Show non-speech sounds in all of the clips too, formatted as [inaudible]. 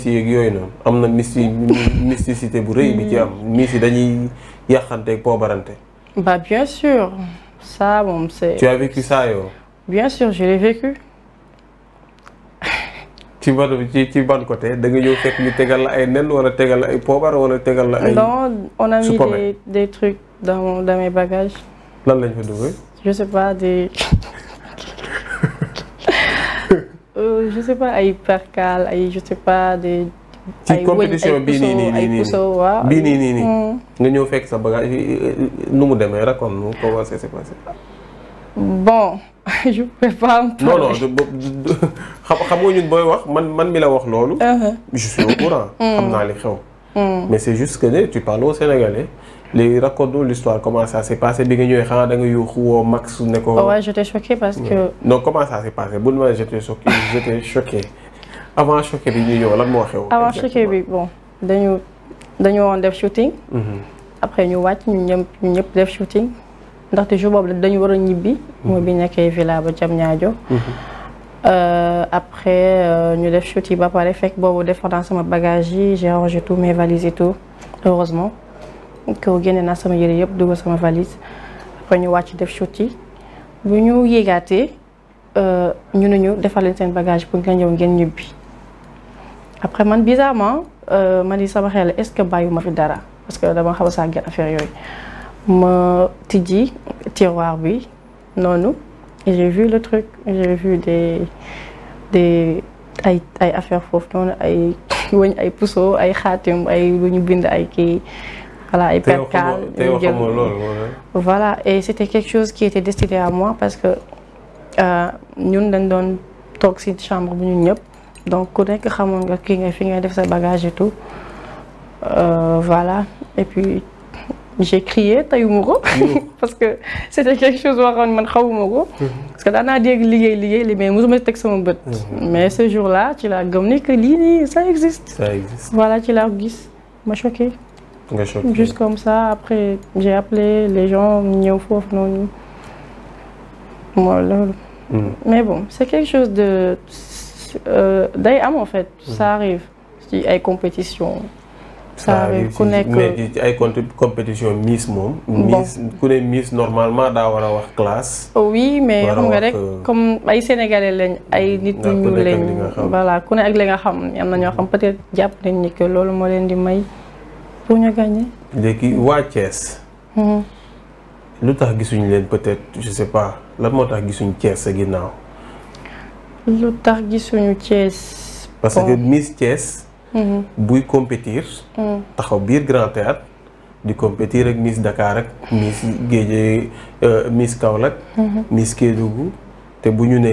si yeeg yooyu noonu am na mysti mysticité bu rëy bi ci am hmm. miss yi dañuy yàqanteeg poobarante. bah bien sûr ça moom c'est. tu as vécu ça yow. bien sûr je l'ai vécu. [laughs] ci ban ci ci ban côté da nga fekk ñu tegal la ay nen wala tegal la ay poobar wala tegal la. ay non on a mis des des trucs dans dans mes bagages. lan lañ fa dugal. je sais pas des. [laughs] je sais pa ay percal ay je sais pas des. ci compétition bii nii nii nii bii nii nii nii mm. nga ñëw fekk sa bagage eh, eh, nu mu demee raconte-nous comment ça s'est bon [laughs] non non xam xam nga ñun booy wax man man mi la wax loolu. Uh-huh. je suis au courant. Mm. xam naa li xew. Mm. mais c'est juste que tu parles au sénégalais. léegi raconte-nous l'histoire comment ça s'est passé bi nga ñëwee xanaa da nga yuuxu woo Max ne ko. waaw j'étais choquée parce que. non comment ça s'est passé bu ñu ma j'étais choquée [laughs] j'étais choquée avant choquée bi ñuy ñëw lan moo xew. avant choquée bi bon dañu dañu woon def shooting. Mhm. après ñu wàcc ñu ñëpp ñu ñëpp def shooting ndaxte jour boobu dañu war a ñibbi. Mhm. mooy bi nekkee villa ba Diamniadio. Mhm. Euh, après euh, ñu def shooting ba pare fekk boobu defar naa sama bagage yi j'ai rangé tout mes valises et tout heureusement. ko génne naa sama yére yëpp dugal sama valise après ñu wàcc def shoot yi bu ñu yéegaatee euh, ñu ne ñu defal leen seen bagage pour nga ñëw ngeen ñibbi après man bizarrement euh, ma ni sama xel est-ce que bàyyi ma fi dara parce que dama xaw a sàggan affaire yooyu ma tijji tiroir bi noonu et j'ai vu le truc j'ai vu des des ay ay affaire foofu noonu ay [coughs] wëñ ay puso ay xaatim ay lu ñu bind ay kii. voilà ay percale ñu jël voilà et c' était quelque chose qui était destiné à moi parce que euh, ñun dañ doon toog si chambre bu ñun ñëpp donc ku nekk xamoon nga kii ngay fi ngay def sa bagage et tout euh, voilà et puis j'ai crié tayuma ko [laughs] parce que c'était quelque chose boo xam ne man xawuma ko mhm. parce que daanaa dégg liggéey liggéey li mais mosuma teg sama bët mhm. mais ce jour là ci laa gëm ne que lii nii ça existe ça existe voilà ci laa ko gis ma choqué nga choqué juste comme ça après j'ai appelé les gens ñëw foofu noonu mooy loolu. Hmm. mais bon c'est quelque chose de euh, day am en fait. Hmm. ça arrive ci ay compétition ça arrive ku nekk ay compétition Miss moom. Miss ku ne Miss normalement daa war wax classe. oui mais xam nga rek euh, comme ay sénégalais lañ ay hmm. nit ñu lañ. voilà ku ne ak li nga xam am na ñoo xam peut-être jàpp nañ ni loolu moo leen di may. pour ñu gagner. léegi waa Thiès. Hmm. lu tax gisuñu leen peut-être je sais pas lan moo tax gisuñu Thiès sa ginnaaw. lu tax gisuñu Thiès. parce que Miss Thiès. Hmm. buy compétir. Hmm. taxaw biir Grand Théâtre di compétir ak Miss Dakar ak Miss Géeje euh, Miss Kaolack. Miss Kédougou te bu ñu ne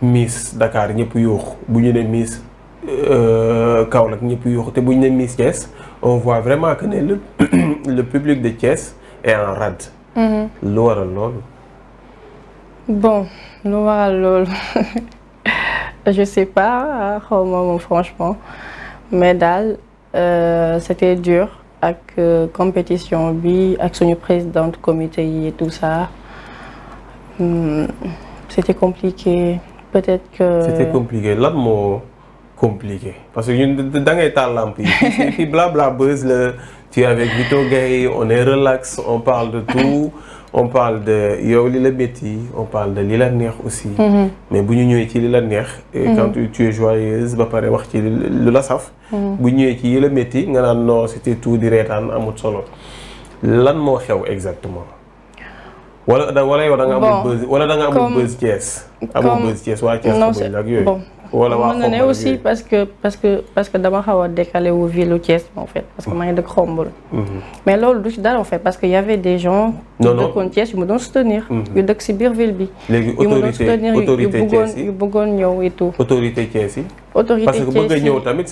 Miss Dakar ñëpp yuux bu ñu ne Miss. Euh, Kaolack ñëpp yuuxu te bu ñu ne Miss Thiès on voit vraiment que ne le [clears throat] le public de Thiès est en rade. Mhm. lu bon lu lool loolu [laughs] je sais pas xaw ma franchement mais daal euh, c'était dur ak euh, compétition bi ak suñu présidente comité yi et tout ça hum, c'était compliqué peut-être que. c'était compliqué lan compliqué parce que ñun da ngay taal lamp yi fii blabla buzz la tu es avec Vito Gueye on est relax on parle de tout on parle de yow li la métti on parle de li la neex aussi mm-hmm. mais bu ñu ñëwee ci li la neex mm-hmm. quand tu joyeuse ba pare wax ci lu la saf mm-hmm. bu ñëwee ci yi la métti nga naan non c'était tout di reetaan amut solo lan moo xew exactement wala wala yow da nga amul buzz wala da nga amul buzz Thiès amul buzz Thiès waa Thiès ak yooyu wala waa mën ne aussi parce que parce que parce que dama xaw a décalé wu ville Thiès en fait parce que maa ngi dëkk Khombole. Mm-hmm. mais loolu du ci dara en fait parce que y avait des gens. non yu dëkkoon Thiès yu ma doon soutenir. Mm-hmm. yu dëkk si biir ville bi. léegi autorité autorité Thiès yi yu bëggoon ñëw et tout. autorité Thiès yi. parce que ñëw tamit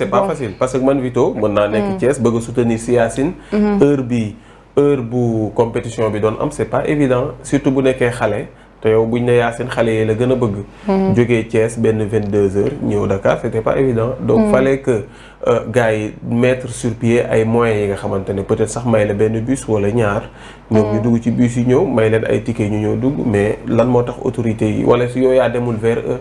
parce que man Vito mën naa nekk mm. Thiès bëgg a soutenir Siyassine. Mm-hmm. heure bi heure bu compétition bi doon am c'est pas évident surtout bu nekkee xale. te yow buñ ne yaa seen xale yi la gën a bëgg. Hmm. jógee Thiès benn vingt 22h ñëw Dakar c'était pas évident. donc hmm. fallait que euh, gars yi mettre sur pied ay moyens yi nga xamante ne peut-être sax may la benn bus wala ñaar. ñoom ñu hmm. dugg ci bus yi ñëw may leen ay ticket ñu ñëw dugg mais lan moo tax autorités yi wala si yow yaa demul vers eux.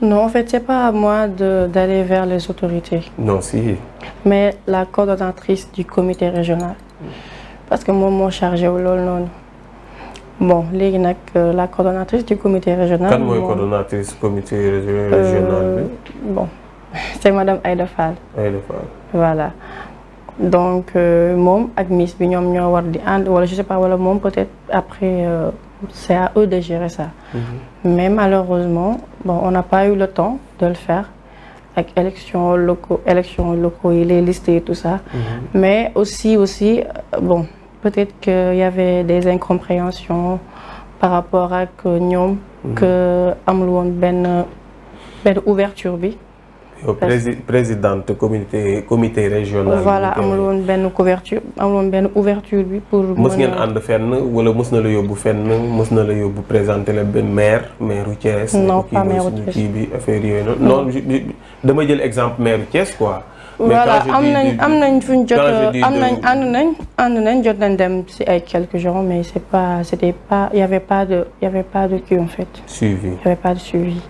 Non, en fait, c'est pas à moi d'aller vers les autorités. Non, si. Mais la coordonnatrice du comité régional. Parce que moom moo chargé au LOL, non. bon léegi nag euh, la coordonnatrice du comité régional. kan mooy coordonnatrice comité régional bi. Euh, [laughs] madame Aïda voilà donc euh, moom ak Miss bi ñoom ñoo war di ànd wala je sais wala moom peut-être après c' est à eux de gérer ça. Mm-hmm. mais malheureusement bon on n'a pas eu le temps de le faire. avec élections locaux élections locaux et les liste et tout ça. Mm-hmm. mais aussi aussi bon. peut-être qu'il y avait des incompréhensions par rapport ak ñoom mhm. que amul woon benn benn ouverture bi yow présidente comité comité régional. voilà am woon benn couverture amul woon benn ouverture bi pour. mës ngeen ànd fenn wala mos na la yóbbu fenn mos na la yóbbu présenté la benn maire maireu Thiès. non pas maireu Thiès kii bi affaire yooyu noonu. dama jël exemple maireu Thiès quoi. voilà am nañ am nañ fu ñu jot am nañ ànd nañ ànd nañ jot nañ dem ci ay quelques jours mais c'est pas c'était pas y avait pas de y avait pas de kii en fait. suivi y pas de suivi.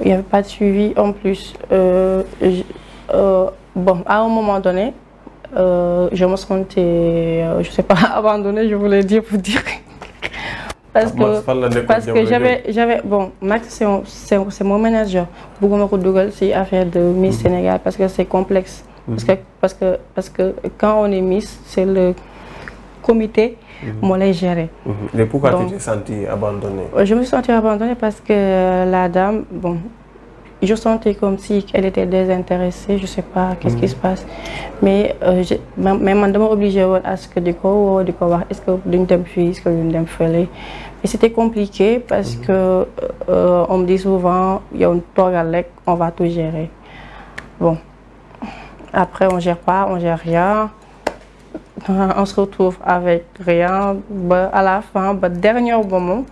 il n'y avait pas de suivi en plus euh, je, euh, bon à un moment donné euh, je me sentais euh, je sais pas [laughs] abandonnée je voulais dire pour dire parce que parce que j'avais j'avais bon Max c'est c'est mon manager bëgguma ko dugal ci affaire de Miss mhm. Sénégal parce que c'est complexe parce mhm. que parce que parce que quand on est Miss c'est le comité mhm. moo lay gérer. Mhm. mais pourquoi Donc, tu t'es euh, je me suis sentie abandonnée parce que la dame bon je sentais comme si elle était désintéressée je sais pas qu'est-ce qui mhm. se passe mais euh, je mais man dama obligé woon à ce que di ko woo di wax est-ce que duñ dem fii est-ce que duñ dem fële et compliqué parce que euh, on me dit souvent yow toogal rek on va tout gérer bon après on gère pas on gère rien Euh, on se retrouve avec rien ba à la fin ba dernier ba moom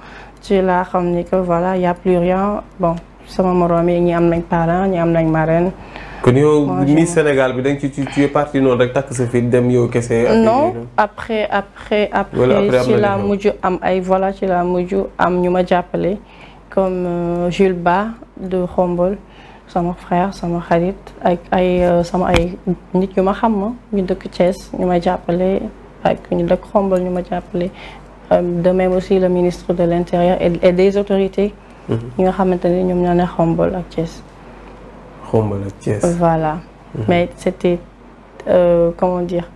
ci laa xam ni que voilà y a plus rien bon sama moroom yi ñi am nañ parent ñi am nañ marraine. kon yow Miss Sénégal bi da nga ci ci ci parti noonu rek takk sa fi dem yow kese. non après am ay voilà ci laa mujj am ñu ma jàppale comme euh, Jules Ba de Khombole. sama frère sama xarit ak ay euh, sama ay nit yu ma xam ma ñu dëkk Thiès ñu may jàppale ak ñu dëkk Xombol ñu ma jàppale euh, de même aussi le ministre de l'intérieur et des autorités mhm. ñi nga xamante ne ñoom ñoo ne Xombol ak Thiès Xombol ak Thiès voilà mhm. mais c'était euh, comment dire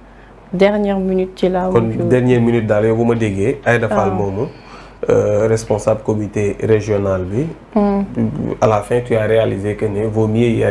dernière minute ci laa kon dernière minute daal yow bu ma déggee Aïda Fall ah. moomu Euh, responsable comité régional bi. Hmm. à la tu as réalisé que ne vaut mieux y